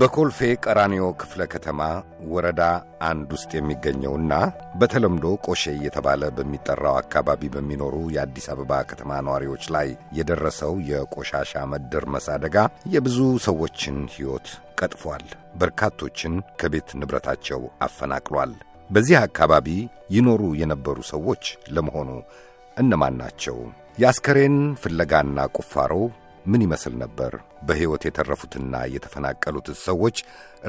በኮልፌ ቀራኒዮ ክፍለ ከተማ ወረዳ አንድ ውስጥ የሚገኘውና በተለምዶ ቆሼ እየተባለ በሚጠራው አካባቢ በሚኖሩ የአዲስ አበባ ከተማ ነዋሪዎች ላይ የደረሰው የቆሻሻ መደርመስ አደጋ የብዙ ሰዎችን ሕይወት ቀጥፏል። በርካቶችን ከቤት ንብረታቸው አፈናቅሏል። በዚህ አካባቢ ይኖሩ የነበሩ ሰዎች ለመሆኑ እነማን ናቸው? የአስከሬን ፍለጋና ቁፋሮ ምን ይመስል ነበር? በሕይወት የተረፉትና የተፈናቀሉት ሰዎች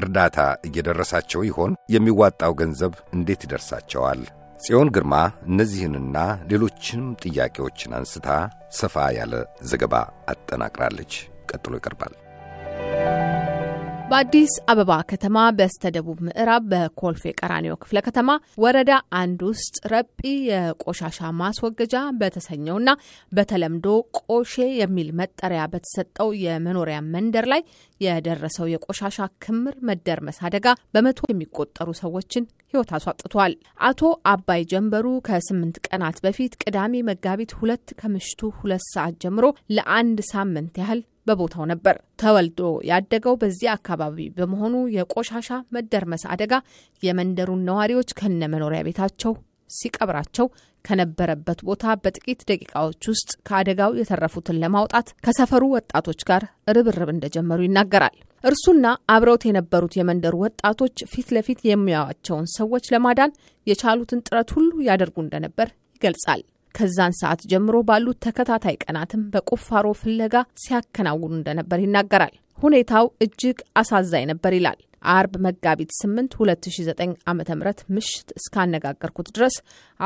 እርዳታ እየደረሳቸው ይሆን? የሚዋጣው ገንዘብ እንዴት ይደርሳቸዋል? ጽዮን ግርማ እነዚህንና ሌሎችንም ጥያቄዎችን አንስታ ሰፋ ያለ ዘገባ አጠናቅራለች። ቀጥሎ ይቀርባል። በአዲስ አበባ ከተማ በስተደቡብ ምዕራብ በኮልፌ ቀራኒዮ ክፍለ ከተማ ወረዳ አንድ ውስጥ ረጲ የቆሻሻ ማስወገጃ በተሰኘውና በተለምዶ ቆሼ የሚል መጠሪያ በተሰጠው የመኖሪያ መንደር ላይ የደረሰው የቆሻሻ ክምር መደርመስ አደጋ በመቶ የሚቆጠሩ ሰዎችን ሕይወት አስዋጥቷል። አቶ አባይ ጀንበሩ ከስምንት ቀናት በፊት ቅዳሜ መጋቢት ሁለት ከምሽቱ ሁለት ሰዓት ጀምሮ ለአንድ ሳምንት ያህል በቦታው ነበር። ተወልዶ ያደገው በዚህ አካባቢ በመሆኑ የቆሻሻ መደርመስ አደጋ የመንደሩን ነዋሪዎች ከነ መኖሪያ ቤታቸው ሲቀብራቸው ከነበረበት ቦታ በጥቂት ደቂቃዎች ውስጥ ከአደጋው የተረፉትን ለማውጣት ከሰፈሩ ወጣቶች ጋር ርብርብ እንደጀመሩ ይናገራል። እርሱና አብረውት የነበሩት የመንደሩ ወጣቶች ፊት ለፊት የሚያዩዋቸውን ሰዎች ለማዳን የቻሉትን ጥረት ሁሉ ያደርጉ እንደነበር ይገልጻል። ከዛን ሰዓት ጀምሮ ባሉት ተከታታይ ቀናትም በቁፋሮ ፍለጋ ሲያከናውኑ እንደነበር ይናገራል። ሁኔታው እጅግ አሳዛኝ ነበር ይላል። አርብ መጋቢት 8 2009 ዓ ም ምሽት እስካነጋገርኩት ድረስ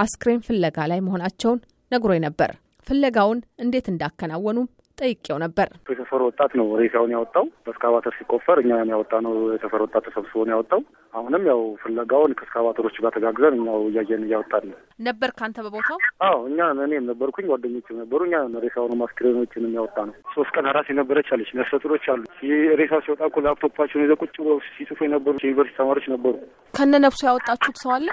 አስክሬን ፍለጋ ላይ መሆናቸውን ነግሮኝ ነበር። ፍለጋውን እንዴት እንዳከናወኑም ጠይቄው ነበር። የሰፈር ወጣት ነው ሬሳውን ያወጣው። በእስካቫተር ሲቆፈር እኛ ያወጣ ነው የሰፈር ወጣት ተሰብስቦን ያወጣው። አሁንም ያው ፍለጋውን ከስካባተሮች ጋር ተጋግዘን እኛው እያየን እያወጣን ነው። ነበር ከአንተ በቦታው? አዎ እኛ እኔም ነበርኩኝ፣ ጓደኞችም ነበሩ። እኛ ሬሳውን አስክሬኖችን የሚያወጣ ነው። ሶስት ቀን አራስ የነበረች አለች ነፍሰጡሮች አሉ። ይህ ሬሳው ሲወጣ እኮ ላፕቶፓቸውን ይዘው ቁጭ ብለው ሲጽፉ የነበሩ ዩኒቨርሲቲ ተማሪዎች ነበሩ። ከነ ነፍሱ ያወጣችሁት ሰው አለ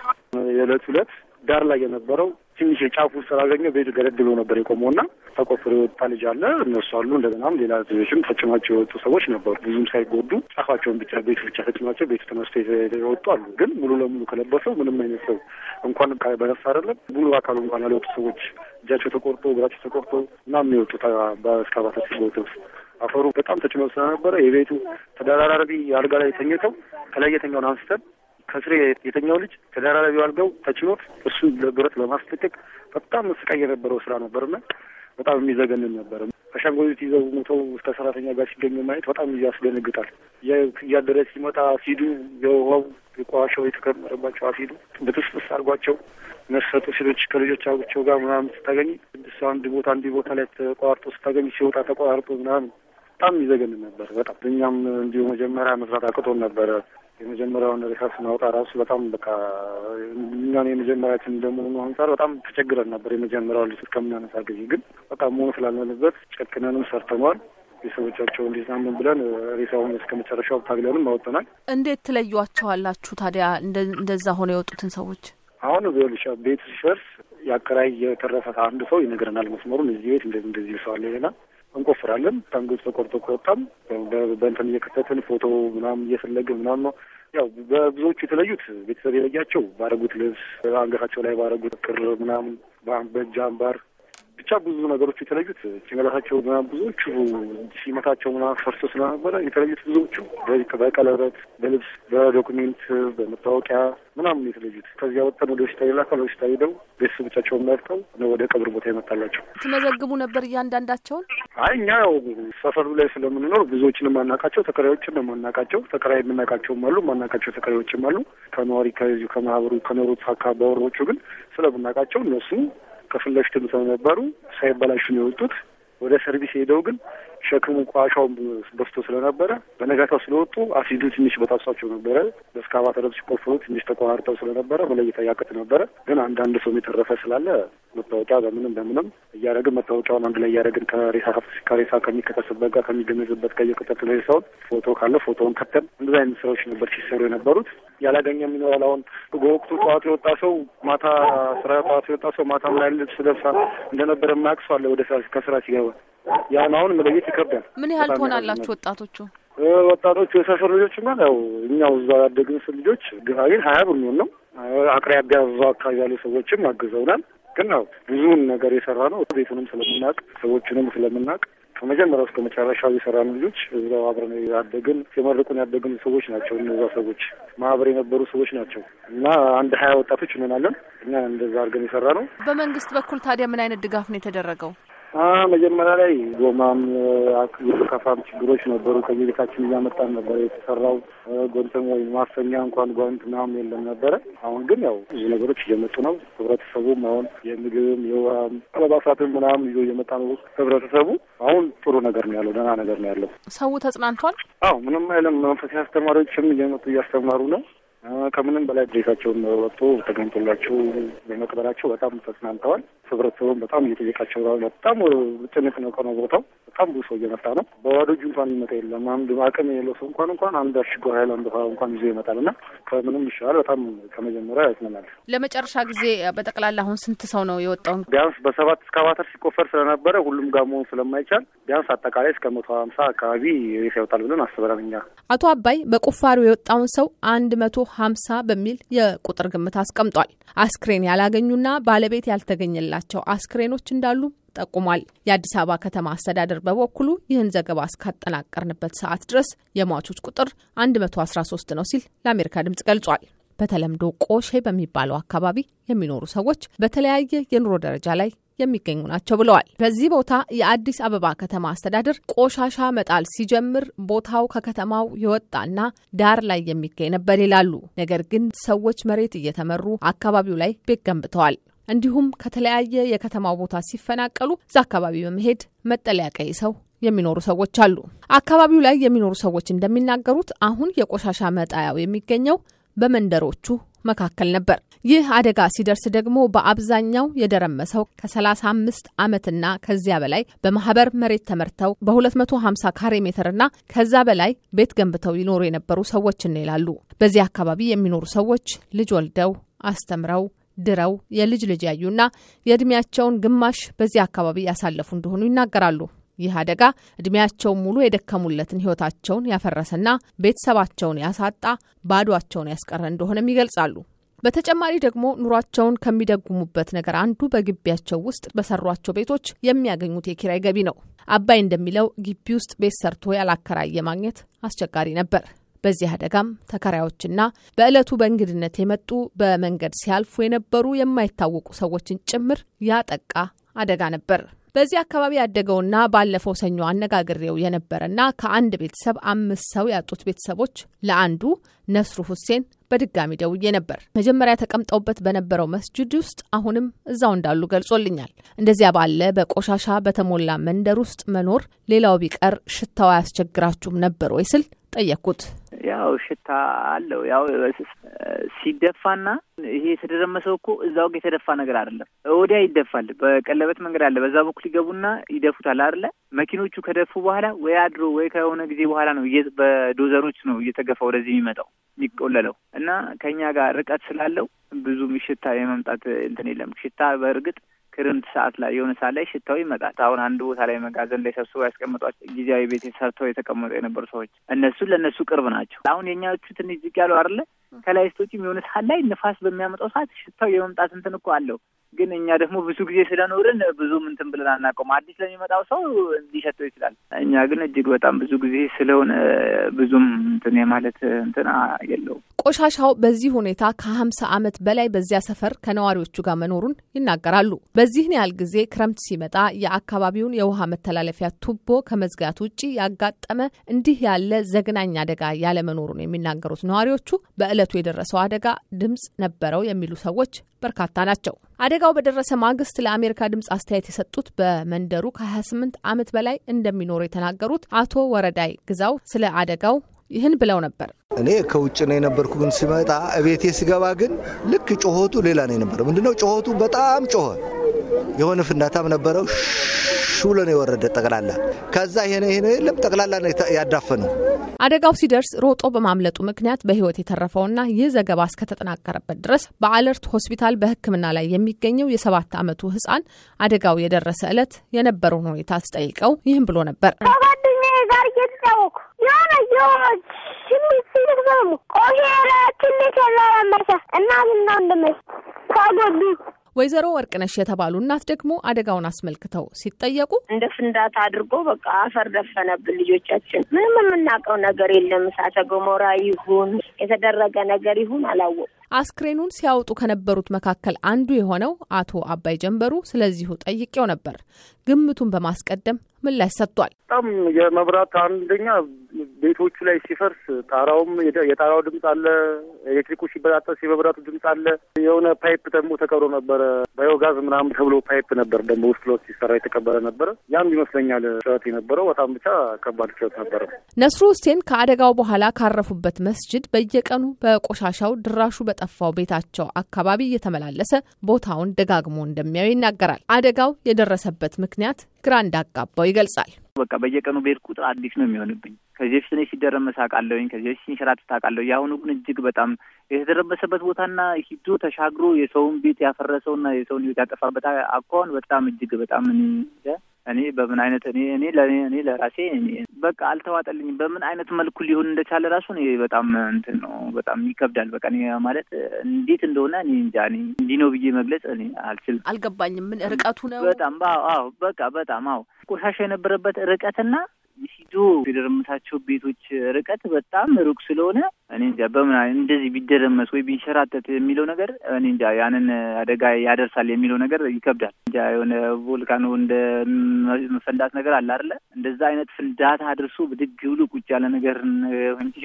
የዕለት ሁለት ዳር ላይ የነበረው ትንሽ የጫፉ ስላገኘ ቤቱ ገደድ ብሎ ነበር የቆመውና ተቆፍሮ የወጣ ልጅ አለ፣ እነሱ አሉ። እንደገናም ሌላ ልጆችም ተጭኗቸው የወጡ ሰዎች ነበሩ። ብዙም ሳይጎዱ ጫፋቸውን ብቻ ቤቱ ብቻ ተጭኗቸው ቤቱ ተነስቶ የወጡ አሉ። ግን ሙሉ ለሙሉ ከለበሰው ምንም አይነት ሰው እንኳን በነፍስ አይደለም ሙሉ አካሉ እንኳን ያልወጡ ሰዎች እጃቸው ተቆርጦ እግራቸው ተቆርጦ እና የሚወጡ በእስካባታ ሲወጡ አፈሩ በጣም ተጭኖ ስለነበረ የቤቱ ተደራራቢ አልጋ ላይ ተኝተው ከላይ የተኛውን አንስተን ከስር የተኛው ልጅ ተደራራቢ አድርገው ተችሎት እሱ ብረት ለማስለቀቅ በጣም ስቃይ የነበረው ስራ ነበርና በጣም የሚዘገንን ነበር። አሻንጉሊት ይዘው ሞተው እስከ ሰራተኛ ጋር ሲገኙ ማየት በጣም ያስደነግጣል። እያደረ ሲመጣ አሲዱ የውሃው የቆሻሻው የተከመረባቸው አሲዱ ብትስጥስ አድርጓቸው ነሰጡ ሴቶች ከልጆቻቸው ጋር ምናምን ስታገኝ ስድስት አንድ ቦታ አንድ ቦታ ላይ ተቋርጦ ስታገኝ ሲወጣ ተቋርጦ ምናምን በጣም ይዘገን ነበር። በጣም እኛም እንዲሁ መጀመሪያ መስራት አቅቶን ነበረ። የመጀመሪያውን ሪሰርች ማውጣ ራሱ በጣም በቃ እኛን የመጀመሪያችን እንደመሆኑ አንጻር በጣም ተቸግረን ነበር። የመጀመሪያው ልጅ ከምናነሳ ጊዜ ግን በጣም መሆን ስላልሆነበት ጨክነንም ሰርተኗል። ቤተሰቦቻቸው እንዲዛምን ብለን ሬሳውን እስከ መጨረሻው ታግለንም አወጥተናል። እንዴት ትለዩዋቸዋላችሁ ታዲያ እንደዛ ሆነ የወጡትን ሰዎች? አሁን ቢሆልሻ ቤቱ ሲፈርስ የአከራይ የተረፈ አንድ ሰው ይነግረናል። መስመሩን እዚህ ቤት እንደዚህ እንደዚህ ሰው ይለናል። እንቆፍራለን። ታንጎች ተቆርጦ ከወጣም በእንትን እየከተትን ፎቶ ምናምን እየፈለግን ምናምን ነው። ያው በብዙዎቹ የተለዩት ቤተሰብ የለያቸው ባረጉት ልብስ፣ አንገታቸው ላይ ባረጉት ቅር ምናምን፣ በእጅ አምባር ብቻ ብዙ ነገሮች የተለዩት ጭንቅላታቸው ምናምን ብዙዎቹ ሲመታቸው ምናምን ፈርሶ ስለነበረ የተለዩት ብዙዎቹ በቀለበት፣ በልብስ፣ በዶኩሜንት፣ በመታወቂያ ምናምን የተለዩት። ከዚያ ወጠን ወደ ሆስፒታል ይላካል። ሆስፒታል ሄደው ቤተሰቦቻቸውን መርጠው ወደ ቀብር ቦታ ይመጣላቸው። ትመዘግቡ ነበር እያንዳንዳቸውን? አይ እኛ ያው ሰፈሩ ላይ ስለምንኖር ብዙዎችን የማናቃቸው ተከራዮችን ነው ማናቃቸው። ተከራይ የምናቃቸውም አሉ ማናቃቸው ተከራዮችም አሉ። ከነዋሪ ከዚሁ ከማህበሩ ከኖሩት አካባቢ ባወሮቹ ግን ስለምናቃቸው እነሱ ከፊት ለፊትም ስለነበሩ ሳይበላሹ ነው የወጡት። ወደ ሰርቪስ ሄደው ግን ሸክሙ ቋሻው በስቶ ስለነበረ በነጋታው ስለወጡ አሲዱ ትንሽ በጣሳቸው ነበረ። በስካባ ተረብ ሲቆፍሩ ትንሽ ተቆራርጠው ስለነበረ መለየት ያቅት ነበረ። ግን አንዳንድ ሰው የተረፈ ስላለ መታወቂያ በምንም በምንም እያደረግን መታወቂያውን አንድ ላይ እያደረግን ከሬሳ ከሬሳ ከሚከተስበት ጋር ከሚገነዝበት ጋር እየከተትን ሬሳውን ፎቶ ካለ ፎቶውን ከተን እንደዚ አይነት ስራዎች ነበር ሲሰሩ የነበሩት። ያላገኘ የሚኖራል። አሁን በወቅቱ ጠዋት የወጣ ሰው ማታ ስራ ጠዋት የወጣ ሰው ማታ ላይ ልብስ ለብሳ እንደነበረ የማያውቅ ሰው አለ ወደ ስራ ከስራ ሲገባ ያን አሁን መለየት ይከብዳል። ምን ያህል ትሆናላችሁ ወጣቶቹ? ወጣቶቹ የሰፈር ልጆች ማ ያው እኛው እዛ ያደግን ስ ልጆች ግን ሀያ ብር ነው አቅራቢያ እዛው አካባቢ ያሉ ሰዎችም አግዘውናል። ግን ያው ብዙውን ነገር የሰራ ነው። ቤቱንም ስለምናውቅ ሰዎቹንም ስለምናውቅ ከመጀመሪያው እስከ መጨረሻው የሰራን ልጆች እዛው አብረን ያደግን የመርቁን ያደግን ሰዎች ናቸው። እነዛ ሰዎች ማህበር የነበሩ ሰዎች ናቸው እና አንድ ሀያ ወጣቶች እንሆናለን እኛ እንደዛ አድርገን የሰራ ነው። በመንግስት በኩል ታዲያ ምን አይነት ድጋፍ ነው የተደረገው? መጀመሪያ ላይ ጎማም ከፋም ችግሮች ነበሩ። ከየቤታችን እያመጣን ነበረ የተሰራው ጎንተም ወይ ማሰኛ እንኳን ጓንት ምናምን የለም ነበረ። አሁን ግን ያው ብዙ ነገሮች እየመጡ ነው። ህብረተሰቡም አሁን የምግብም የውሃም አለባሳትም ምናምን ይዞ እየመጣ ነው። ህብረተሰቡ አሁን ጥሩ ነገር ነው ያለው፣ ደህና ነገር ነው ያለው። ሰው ተጽናንቷል። አዎ ምንም አይለም። መንፈሳዊ አስተማሪዎችም እየመጡ እያስተማሩ ነው። ከምንም በላይ ድሬሳቸውን ወጥቶ ተገኝቶላቸው በመቅበላቸው በጣም ተጽናንተዋል። ህብረተሰቡን በጣም እየጠየቃቸው በጣም ጭንቅ ነው ከነው ቦታው በጣም ብዙ ሰው እየመጣ ነው። በባዶ እጁ እንኳን ይመጣ የለም። አንድ አቅም የለው ሰው እንኳን እንኳን አንድ አሽጎ ሀይላንድ ውሃ እንኳን ይዞ ይመጣል እና ከምንም ይሻላል። በጣም ከመጀመሪያ ያስመናል። ለመጨረሻ ጊዜ በጠቅላላ አሁን ስንት ሰው ነው የወጣው? ቢያንስ በሰባት እስካቫተር ሲቆፈር ስለነበረ ሁሉም ጋር መሆን ስለማይቻል ቢያንስ አጠቃላይ እስከ መቶ ሀምሳ አካባቢ ሬሳ ይወጣል ብለን አስበናል እኛ። አቶ አባይ በቁፋሩ የወጣውን ሰው አንድ መቶ 50 በሚል የቁጥር ግምት አስቀምጧል። አስክሬን ያላገኙና ባለቤት ያልተገኘላቸው አስክሬኖች እንዳሉ ጠቁሟል። የአዲስ አበባ ከተማ አስተዳደር በበኩሉ ይህን ዘገባ እስካጠናቀርንበት ሰዓት ድረስ የሟቾች ቁጥር 113 ነው ሲል ለአሜሪካ ድምጽ ገልጿል። በተለምዶ ቆሼ በሚባለው አካባቢ የሚኖሩ ሰዎች በተለያየ የኑሮ ደረጃ ላይ የሚገኙ ናቸው ብለዋል። በዚህ ቦታ የአዲስ አበባ ከተማ አስተዳደር ቆሻሻ መጣል ሲጀምር ቦታው ከከተማው የወጣና ዳር ላይ የሚገኝ ነበር ይላሉ። ነገር ግን ሰዎች መሬት እየተመሩ አካባቢው ላይ ቤት ገንብተዋል። እንዲሁም ከተለያየ የከተማው ቦታ ሲፈናቀሉ እዛ አካባቢ በመሄድ መጠለያ ቀይሰው የሚኖሩ ሰዎች አሉ። አካባቢው ላይ የሚኖሩ ሰዎች እንደሚናገሩት አሁን የቆሻሻ መጣያው የሚገኘው በመንደሮቹ መካከል ነበር። ይህ አደጋ ሲደርስ ደግሞ በአብዛኛው የደረመሰው ከ35 ዓመትና ከዚያ በላይ በማህበር መሬት ተመርተው በ250 ካሬ ሜትርና ከዛ በላይ ቤት ገንብተው ይኖሩ የነበሩ ሰዎችን ይላሉ። በዚህ አካባቢ የሚኖሩ ሰዎች ልጅ ወልደው አስተምረው ድረው የልጅ ልጅ ያዩና የእድሜያቸውን ግማሽ በዚህ አካባቢ ያሳለፉ እንደሆኑ ይናገራሉ። ይህ አደጋ እድሜያቸውን ሙሉ የደከሙለትን ህይወታቸውን ያፈረሰና ቤተሰባቸውን ያሳጣ ባዷቸውን ያስቀረ እንደሆነም ይገልጻሉ። በተጨማሪ ደግሞ ኑሯቸውን ከሚደጉሙበት ነገር አንዱ በግቢያቸው ውስጥ በሰሯቸው ቤቶች የሚያገኙት የኪራይ ገቢ ነው። አባይ እንደሚለው ግቢ ውስጥ ቤት ሰርቶ ያላከራየ ማግኘት አስቸጋሪ ነበር። በዚህ አደጋም ተከራዮችና በዕለቱ በእንግድነት የመጡ በመንገድ ሲያልፉ የነበሩ የማይታወቁ ሰዎችን ጭምር ያጠቃ አደጋ ነበር። በዚህ አካባቢ ያደገውና ባለፈው ሰኞ አነጋግሬው የነበረና ከአንድ ቤተሰብ አምስት ሰው ያጡት ቤተሰቦች ለአንዱ ነስሩ ሁሴን በድጋሚ ደውዬ ነበር። መጀመሪያ ተቀምጠውበት በነበረው መስጅድ ውስጥ አሁንም እዛው እንዳሉ ገልጾልኛል። እንደዚያ ባለ በቆሻሻ በተሞላ መንደር ውስጥ መኖር ሌላው ቢቀር ሽታው አያስቸግራችሁም ነበር ወይ ስል ጠየቅኩት። ያው ሽታ አለው። ያው ሲደፋና ይሄ የተደረመሰው እኮ እዛው የተደፋ ነገር አይደለም፣ ወዲያ ይደፋል። በቀለበት መንገድ አለ፣ በዛ በኩል ይገቡና ይደፉታል አይደለ? መኪኖቹ ከደፉ በኋላ ወይ አድሮ ወይ ከሆነ ጊዜ በኋላ ነው በዶዘሮች ነው እየተገፋ ወደዚህ የሚመጣው የሚቆለለው እና ከኛ ጋር ርቀት ስላለው ብዙም ሽታ የመምጣት እንትን የለም። ሽታ በእርግጥ ክርምት ሰዓት ላይ የሆነ ሰዓት ላይ ሽታው ይመጣል። አሁን አንድ ቦታ ላይ መጋዘን ላይ ሰብስበው ያስቀምጧቸው ጊዜያዊ ቤት ሰርተው የተቀመጡ የነበሩ ሰዎች እነሱ ለእነሱ ቅርብ ናቸው። አሁን የኛዎቹ ትንሽ ዝቅ ያሉ አለ ከላይ ስቶችም የሆነ ሰዓት ላይ ንፋስ በሚያመጣው ሰዓት ሽታው የመምጣት እንትን እኮ አለው። ግን እኛ ደግሞ ብዙ ጊዜ ስለኖርን ብዙም እንትን ብለን አናውቀውም። አዲስ ለሚመጣው ሰው ሊሸተው ይችላል። እኛ ግን እጅግ በጣም ብዙ ጊዜ ስለሆነ ብዙም እንትን የማለት እንትን የለውም። ቆሻሻው በዚህ ሁኔታ ከሀምሳ ዓመት በላይ በዚያ ሰፈር ከነዋሪዎቹ ጋር መኖሩን ይናገራሉ። በዚህን ያህል ጊዜ ክረምት ሲመጣ የአካባቢውን የውሃ መተላለፊያ ቱቦ ከመዝጋት ውጭ ያጋጠመ እንዲህ ያለ ዘግናኝ አደጋ ያለመኖሩን የሚናገሩት ነዋሪዎቹ በዕለቱ የደረሰው አደጋ ድምፅ ነበረው የሚሉ ሰዎች በርካታ ናቸው። አደጋው በደረሰ ማግስት ለአሜሪካ ድምጽ አስተያየት የሰጡት በመንደሩ ከ28 ዓመት በላይ እንደሚኖሩ የተናገሩት አቶ ወረዳይ ግዛው ስለ አደጋው ይህን ብለው ነበር። እኔ ከውጭ ነው የነበርኩ፣ ግን ሲመጣ እቤቴ ስገባ ግን ልክ ጮኸቱ ሌላ ነው የነበረው። ምንድነው ጮኸቱ? በጣም ጮኸ። የሆነ ፍንዳታም ነበረው ብሎ ነው የወረደ ጠቅላላ። ከዛ ይሄ ይሄ የለም ጠቅላላ ነው ያዳፈነው። አደጋው ሲደርስ ሮጦ በማምለጡ ምክንያት በህይወት የተረፈውና ይህ ዘገባ እስከተጠናቀረበት ድረስ በአለርት ሆስፒታል በሕክምና ላይ የሚገኘው የሰባት አመቱ ህፃን አደጋው የደረሰ እለት የነበረውን ሁኔታ አስጠይቀው ይህም ብሎ ነበር። ከጓደኛዬ ጋር እየተጫወኩ የሆነ የሆነች ሽሚት ሲልክ ደግሞ ቆሄረ ትንሽ ያላላመሳ እናትና ወንድሜ ተጎዱ። ወይዘሮ ወርቅነሽ የተባሉ እናት ደግሞ አደጋውን አስመልክተው ሲጠየቁ እንደ ፍንዳታ አድርጎ በቃ አፈር ደፈነብን ልጆቻችን። ምንም የምናውቀው ነገር የለም። እሳተ ገሞራ ይሁን የተደረገ ነገር ይሁን አላወቁ። አስክሬኑን ሲያወጡ ከነበሩት መካከል አንዱ የሆነው አቶ አባይ ጀንበሩ ስለዚሁ ጠይቄው ነበር። ግምቱን በማስቀደም ምላሽ ሰጥቷል። በጣም የመብራት አንደኛ ቤቶቹ ላይ ሲፈርስ ጣራውም የጣራው ድምፅ አለ፣ ኤሌክትሪኩ ሲበጣጠስ የመብራቱ ድምፅ አለ። የሆነ ፓይፕ ደግሞ ተቀብሮ ነበረ፣ ባዮጋዝ ምናምን ተብሎ ፓይፕ ነበር ደግሞ ውስጥ ለውስጥ ሲሰራ የተቀበረ ነበረ። ያም ይመስለኛል ጨዋት የነበረው በጣም ብቻ ከባድ ጨዋት ነበረ። ነስሩ ሁሴን ከአደጋው በኋላ ካረፉበት መስጅድ በየቀኑ በቆሻሻው ድራሹ በጠፋው ቤታቸው አካባቢ እየተመላለሰ ቦታውን ደጋግሞ እንደሚያዩ ይናገራል። አደጋው የደረሰበት ምክንያት ግራ እንዳጋባው ይገልጻል። በቃ በየቀኑ ቤት ቁጥር አዲስ ነው የሚሆንብኝ። ከዚህ በፊት እኔ ሲደረመስ አውቃለሁኝ። ከዚህ በፊት ሲንሸራተት አውቃለሁ። የአሁኑ ግን እጅግ በጣም የተደረመሰበት ቦታና ሂዶ ተሻግሮ የሰውን ቤት ያፈረሰውና የሰውን ሕይወት ያጠፋበት አኳን በጣም እጅግ በጣም እኔ በምን አይነት እኔ እኔ ለእኔ ለራሴ በቃ አልተዋጠልኝም። በምን አይነት መልኩ ሊሆን እንደቻለ ራሱ እኔ በጣም እንትን ነው፣ በጣም ይከብዳል። በቃ እኔ ማለት እንዴት እንደሆነ እኔ እንጃ። እኔ እንዲህ ነው ብዬ መግለጽ እኔ አልችልም። አልገባኝም። ምን ርቀቱ ነው? በጣም አዎ፣ በቃ በጣም አዎ፣ ቆሻሻ የነበረበት ርቀትና የደረመሳቸው ቤቶች ርቀት በጣም ሩቅ ስለሆነ እኔ እንጃ በምን እንደዚህ ቢደረመስ ወይ ቢንሸራተት የሚለው ነገር እኔ እንጃ ያንን አደጋ ያደርሳል የሚለው ነገር ይከብዳል። እንጃ የሆነ ቮልካኖ እንደ መፈንዳት ነገር አለ አይደለ? እንደዛ አይነት ፍንዳታ አድርሶ ብድግ ብሎ ቁጭ ያለ ነገር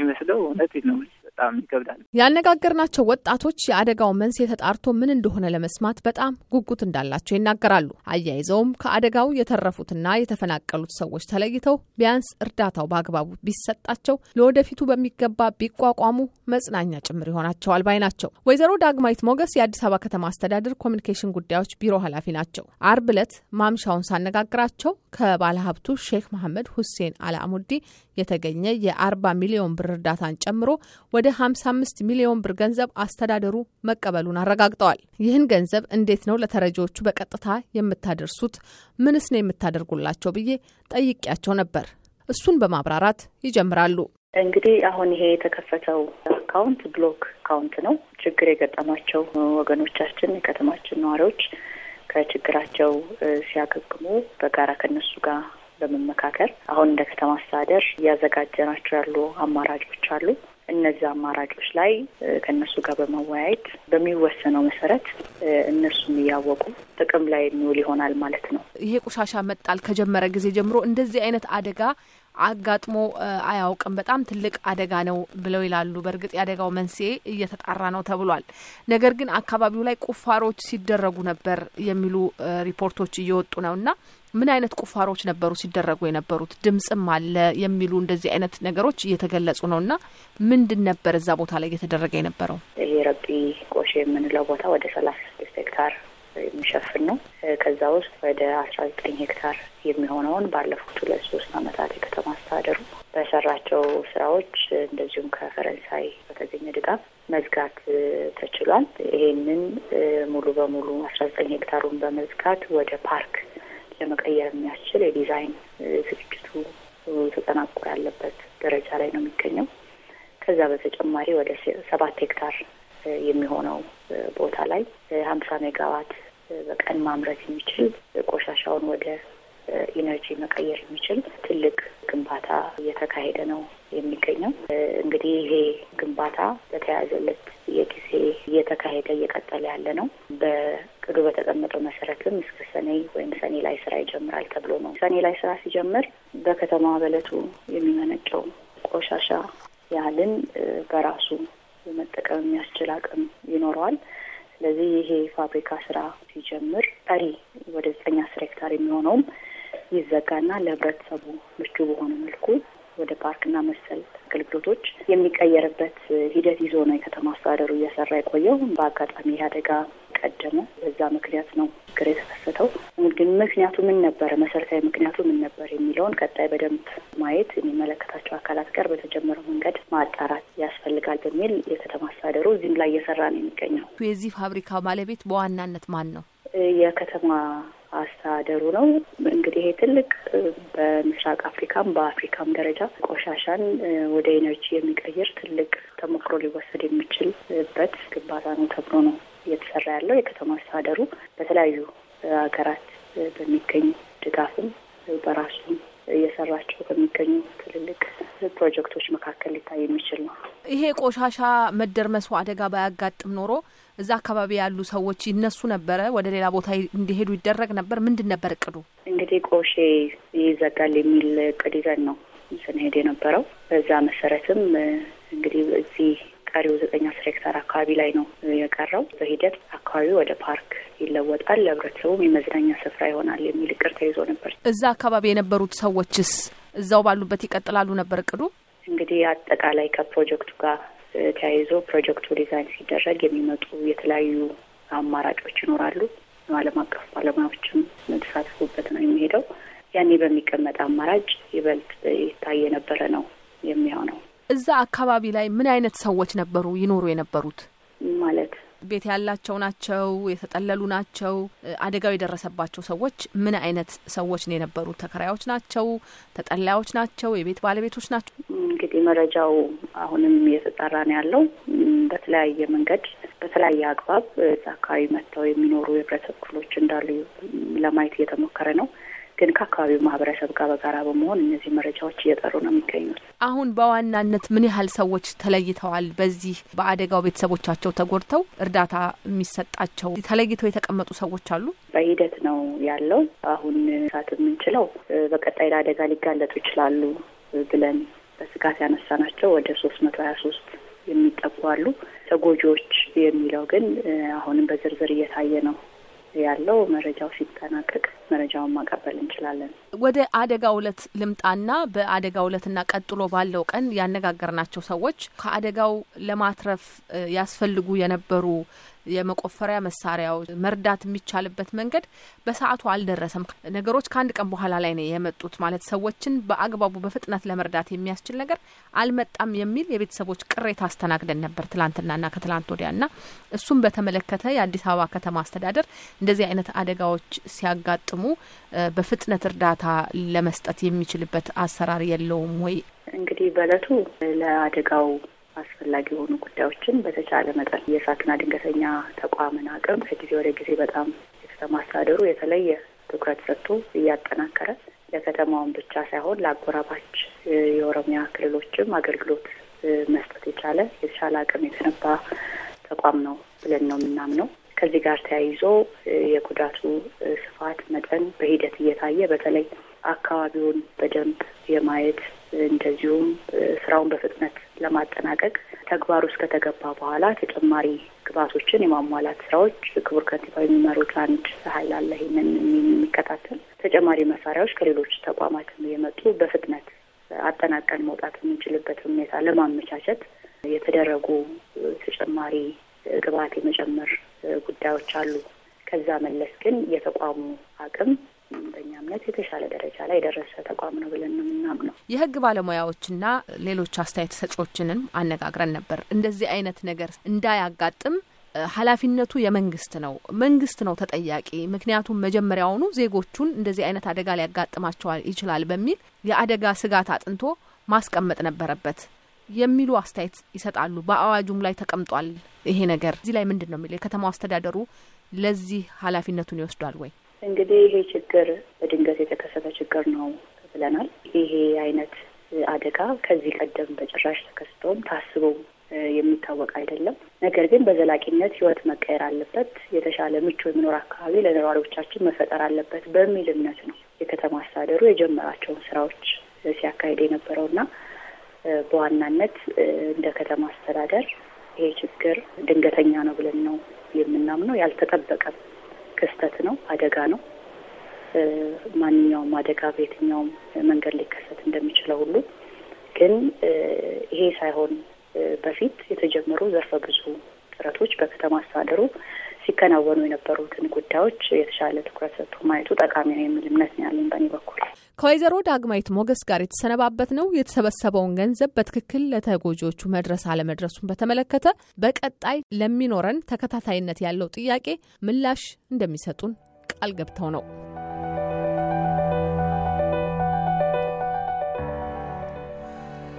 ይመስለው እውነት ነው። በጣም ይከብዳል። ያነጋገርናቸው ወጣቶች የአደጋው መንስኤ ተጣርቶ ምን እንደሆነ ለመስማት በጣም ጉጉት እንዳላቸው ይናገራሉ። አያይዘውም ከአደጋው የተረፉትና የተፈናቀሉት ሰዎች ተለይተው ቢያንስ እርዳታው በአግባቡ ቢሰጣቸው ለወደፊቱ በሚገባ ቢቋቋሙ መጽናኛ ጭምር ይሆናቸዋል ባይ ናቸው። ወይዘሮ ዳግማዊት ሞገስ የአዲስ አበባ ከተማ አስተዳደር ኮሚኒኬሽን ጉዳዮች ቢሮ ኃላፊ ናቸው። አርብ ዕለት ማምሻውን ሳነጋግራቸው ከባለሀብቱ ሼክ መሐመድ ሁሴን አልአሙዲ የተገኘ የ40 ሚሊዮን ብር እርዳታን ጨምሮ ወደ ወደ 55 ሚሊዮን ብር ገንዘብ አስተዳደሩ መቀበሉን አረጋግጠዋል። ይህን ገንዘብ እንዴት ነው ለተረጂዎቹ በቀጥታ የምታደርሱት? ምንስ ነው የምታደርጉላቸው ብዬ ጠይቄያቸው ነበር። እሱን በማብራራት ይጀምራሉ። እንግዲህ አሁን ይሄ የተከፈተው አካውንት ብሎክ አካውንት ነው። ችግር የገጠማቸው ወገኖቻችን የከተማችን ነዋሪዎች ከችግራቸው ሲያገግሙ በጋራ ከነሱ ጋር በመመካከር አሁን እንደ ከተማ አስተዳደር እያዘጋጀናቸው ያሉ አማራጮች አሉ። እነዚህ አማራጮች ላይ ከእነሱ ጋር በመወያየት በሚወሰነው መሰረት እነሱም እያወቁ ጥቅም ላይ የሚውል ይሆናል ማለት ነው። ይሄ ቆሻሻ መጣል ከጀመረ ጊዜ ጀምሮ እንደዚህ አይነት አደጋ አጋጥሞ አያውቅም። በጣም ትልቅ አደጋ ነው ብለው ይላሉ። በእርግጥ የአደጋው መንስኤ እየተጣራ ነው ተብሏል። ነገር ግን አካባቢው ላይ ቁፋሮች ሲደረጉ ነበር የሚሉ ሪፖርቶች እየወጡ ነው እና ምን አይነት ቁፋሮች ነበሩ ሲደረጉ የነበሩት? ድምጽም አለ የሚሉ እንደዚህ አይነት ነገሮች እየተገለጹ ነው እና ምንድን ነበር እዛ ቦታ ላይ እየተደረገ የነበረው? ይሄ ረቢ ቆሼ የምንለው ቦታ ወደ ሰላሳ ስድስት ሄክታር የሚሸፍን ነው። ከዛ ውስጥ ወደ አስራ ዘጠኝ ሄክታር የሚሆነውን ባለፉት ሁለት ሶስት ዓመታት የከተማ አስተዳደሩ በሰራቸው ስራዎች እንደዚሁም ከፈረንሳይ በተገኘ ድጋፍ መዝጋት ተችሏል። ይሄንን ሙሉ በሙሉ አስራ ዘጠኝ ሄክታሩን በመዝጋት ወደ ፓርክ ለመቀየር የሚያስችል የዲዛይን ዝግጅቱ ተጠናቆ ያለበት ደረጃ ላይ ነው የሚገኘው። ከዛ በተጨማሪ ወደ ሰባት ሄክታር የሚሆነው ቦታ ላይ ሀምሳ ሜጋዋት በቀን ማምረት የሚችል ቆሻሻውን ወደ ኢነርጂ መቀየር የሚችል ትልቅ ግንባታ እየተካሄደ ነው የሚገኘው። እንግዲህ ይሄ ግንባታ በተያዘለት የጊዜ እየተካሄደ እየቀጠለ ያለ ነው። በቅዱ በተቀመጠው መሰረትም እስከ ሰኔ ወይም ሰኔ ላይ ስራ ይጀምራል ተብሎ ነው። ሰኔ ላይ ስራ ሲጀምር በከተማ በለቱ የሚመነጨው ቆሻሻ ያህልን በራሱ መጠቀም የሚያስችል አቅም ይኖረዋል። ስለዚህ ይሄ ፋብሪካ ስራ ሲጀምር ጠሪ ወደ ዘጠኝ አስር ሄክታር የሚሆነውም ይዘጋና ለህብረተሰቡ ምቹ በሆነ መልኩ ወደ ፓርክና መሰል አገልግሎቶች የሚቀየርበት ሂደት ይዞ ነው የከተማ አስተዳደሩ እየሰራ የቆየው። በአጋጣሚ ይህ አደጋ ቀደሙ። በዛ ምክንያት ነው ችግር የተከሰተው። ግን ምክንያቱ ምን ነበረ፣ መሰረታዊ ምክንያቱ ምን ነበር የሚለውን ቀጣይ በደንብ ማየት የሚመለከታቸው አካላት ጋር በተጀመረው መንገድ ማጣራት ያስፈልጋል በሚል የከተማ አስተዳደሩ እዚህም ላይ እየሰራ ነው የሚገኘው። የዚህ ፋብሪካ ባለቤት በዋናነት ማን ነው? የከተማ አስተዳደሩ ነው። እንግዲህ ይሄ ትልቅ በምስራቅ አፍሪካም በአፍሪካም ደረጃ ቆሻሻን ወደ ኤነርጂ የሚቀይር ትልቅ ተሞክሮ ሊወሰድ የሚችልበት ግንባታ ነው ተብሎ ነው እየተሰራ ያለው የከተማ አስተዳደሩ በተለያዩ ሀገራት በሚገኙ ድጋፍም በራሱ እየሰራቸው በሚገኙ ትልልቅ ፕሮጀክቶች መካከል ሊታይ የሚችል ነው። ይሄ ቆሻሻ መደርመሱ አደጋ ባያጋጥም ኖሮ እዛ አካባቢ ያሉ ሰዎች ይነሱ ነበረ፣ ወደ ሌላ ቦታ እንዲሄዱ ይደረግ ነበር። ምንድን ነበር እቅዱ? እንግዲህ ቆሼ ይዘጋል የሚል እቅድ ይዘን ነው ስንሄድ የነበረው። በዛ መሰረትም እንግዲህ እዚህ ቀሪው ዘጠኝ አስር ሄክታር አካባቢ ላይ ነው የቀረው። በሂደት አካባቢ ወደ ፓርክ ይለወጣል፣ ለህብረተሰቡም የመዝናኛ ስፍራ ይሆናል የሚል እቅድ ተይዞ ነበር። እዛ አካባቢ የነበሩት ሰዎችስ እዛው ባሉበት ይቀጥላሉ ነበር እቅዱ። እንግዲህ አጠቃላይ ከፕሮጀክቱ ጋር ተያይዞ ፕሮጀክቱ ዲዛይን ሲደረግ የሚመጡ የተለያዩ አማራጮች ይኖራሉ። ዓለም አቀፍ ባለሙያዎችም ተሳትፎበት ነው የሚሄደው። ያኔ በሚቀመጥ አማራጭ ይበልጥ ይታይ የነበረ ነው የሚሆነው። እዛ አካባቢ ላይ ምን አይነት ሰዎች ነበሩ ይኖሩ የነበሩት? ማለት ቤት ያላቸው ናቸው? የተጠለሉ ናቸው? አደጋው የደረሰባቸው ሰዎች ምን አይነት ሰዎች ነው የነበሩት? ተከራዮች ናቸው? ተጠላዮች ናቸው? የቤት ባለቤቶች ናቸው? እንግዲህ መረጃው አሁንም እየተጣራ ነው ያለው። በተለያየ መንገድ በተለያየ አግባብ እዛ አካባቢ መጥተው የሚኖሩ የህብረተሰብ ክፍሎች እንዳሉ ለማየት እየተሞከረ ነው። ግን ከአካባቢው ማህበረሰብ ጋር በጋራ በመሆን እነዚህ መረጃዎች እየጠሩ ነው የሚገኙት። አሁን በዋናነት ምን ያህል ሰዎች ተለይተዋል? በዚህ በአደጋው ቤተሰቦቻቸው ተጎድተው እርዳታ የሚሰጣቸው ተለይተው የተቀመጡ ሰዎች አሉ? በሂደት ነው ያለው። አሁን ሳት የምንችለው በቀጣይ ለአደጋ ሊጋለጡ ይችላሉ ብለን በስጋት ያነሳናቸው ወደ ሶስት መቶ ሀያ ሶስት የሚጠጉ አሉ። ተጎጂዎች የሚለው ግን አሁንም በዝርዝር እየታየ ነው ያለው መረጃው ሲጠናቀቅ መረጃውን ማቀበል እንችላለን። ወደ አደጋ ዕለት ልምጣና በአደጋ ዕለትና ቀጥሎ ባለው ቀን ያነጋገርናቸው ሰዎች ከአደጋው ለማትረፍ ያስፈልጉ የነበሩ የመቆፈሪያ መሳሪያዎች መርዳት የሚቻልበት መንገድ በሰዓቱ አልደረሰም። ነገሮች ከአንድ ቀን በኋላ ላይ ነው የመጡት። ማለት ሰዎችን በአግባቡ በፍጥነት ለመርዳት የሚያስችል ነገር አልመጣም የሚል የቤተሰቦች ቅሬታ አስተናግደን ነበር ትላንትናና ከትላንት ወዲያ ና እሱም በተመለከተ የአዲስ አበባ ከተማ አስተዳደር እንደዚህ አይነት አደጋዎች ሲያጋጥሙ በፍጥነት እርዳታ ለመስጠት የሚችልበት አሰራር የለውም ወይ? እንግዲህ በእለቱ ለአደጋው አስፈላጊ የሆኑ ጉዳዮችን በተቻለ መጠን የእሳትና ድንገተኛ ተቋምን አቅም ከጊዜ ወደ ጊዜ በጣም የከተማ አስተዳደሩ የተለየ ትኩረት ሰጥቶ እያጠናከረ ለከተማውን ብቻ ሳይሆን ለአጎራባች የኦሮሚያ ክልሎችም አገልግሎት መስጠት የቻለ የተሻለ አቅም የተነባ ተቋም ነው ብለን ነው የምናምነው። ከዚህ ጋር ተያይዞ የጉዳቱ ስፋት መጠን በሂደት እየታየ በተለይ አካባቢውን በደንብ የማየት እንደዚሁም ስራውን በፍጥነት ለማጠናቀቅ ተግባር ውስጥ ከተገባ በኋላ ተጨማሪ ግባቶችን የማሟላት ስራዎች ክቡር ከንቲባ የሚመሩት አንድ ሀይል አለ። ይህንን የሚከታተል ተጨማሪ መሳሪያዎች ከሌሎች ተቋማት የመጡ በፍጥነት አጠናቀን መውጣት የምንችልበትን ሁኔታ ለማመቻቸት የተደረጉ ተጨማሪ ግብዓት የመጨመር ጉዳዮች አሉ። ከዛ መለስ ግን የተቋሙ አቅም በእኛ እምነት የተሻለ ደረጃ ላይ የደረሰ ተቋም ነው ብለን ነው የምናምነው። የህግ ባለሙያዎችና ሌሎች አስተያየት ሰጪዎችንም አነጋግረን ነበር። እንደዚህ አይነት ነገር እንዳያጋጥም ኃላፊነቱ የመንግስት ነው። መንግስት ነው ተጠያቂ። ምክንያቱም መጀመሪያውኑ ዜጎቹን እንደዚህ አይነት አደጋ ሊያጋጥማቸዋል ይችላል በሚል የአደጋ ስጋት አጥንቶ ማስቀመጥ ነበረበት የሚሉ አስተያየት ይሰጣሉ። በአዋጁም ላይ ተቀምጧል ይሄ ነገር። እዚህ ላይ ምንድን ነው የሚለው የከተማው አስተዳደሩ ለዚህ ኃላፊነቱን ይወስዷል ወይ? እንግዲህ ይሄ ችግር በድንገት የተከሰተ ችግር ነው ብለናል። ይሄ አይነት አደጋ ከዚህ ቀደም በጭራሽ ተከስተውም ታስበው የሚታወቅ አይደለም። ነገር ግን በዘላቂነት ህይወት መቀየር አለበት፣ የተሻለ ምቹ የመኖር አካባቢ ለነዋሪዎቻችን መፈጠር አለበት በሚል እምነት ነው የከተማ አስተዳደሩ የጀመራቸውን ስራዎች ሲያካሂድ ና በዋናነት እንደ ከተማ አስተዳደር ይሄ ችግር ድንገተኛ ነው ብለን ነው የምናምነው ያልተጠበቀም ክስተት ነው፣ አደጋ ነው። ማንኛውም አደጋ በየትኛውም መንገድ ሊከሰት እንደሚችለው ሁሉ ግን ይሄ ሳይሆን በፊት የተጀመሩ ዘርፈ ብዙ ጥረቶች በከተማ አስተዳደሩ ሲከናወኑ የነበሩትን ጉዳዮች የተሻለ ትኩረት ሰጥቶ ማየቱ ጠቃሚ ነው የሚል እምነት ነው ያለኝ በእኔ በኩል። ከወይዘሮ ዳግማዊት ሞገስ ጋር የተሰነባበት ነው የተሰበሰበውን ገንዘብ በትክክል ለተጎጂዎቹ መድረስ አለመድረሱን በተመለከተ በቀጣይ ለሚኖረን ተከታታይነት ያለው ጥያቄ ምላሽ እንደሚሰጡን ቃል ገብተው ነው።